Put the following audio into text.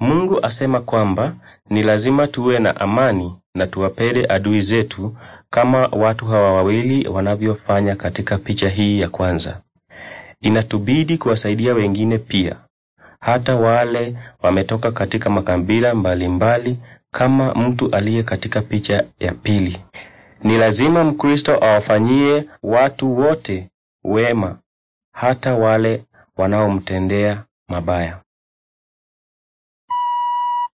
Mungu asema kwamba ni lazima tuwe na amani na tuwapende adui zetu kama watu hawa wawili wanavyofanya katika picha hii ya kwanza. Inatubidi kuwasaidia wengine pia, hata wale wametoka katika makabila mbalimbali kama mtu aliye katika picha ya pili. Ni lazima Mkristo awafanyie watu wote wema, hata wale wanaomtendea mabaya.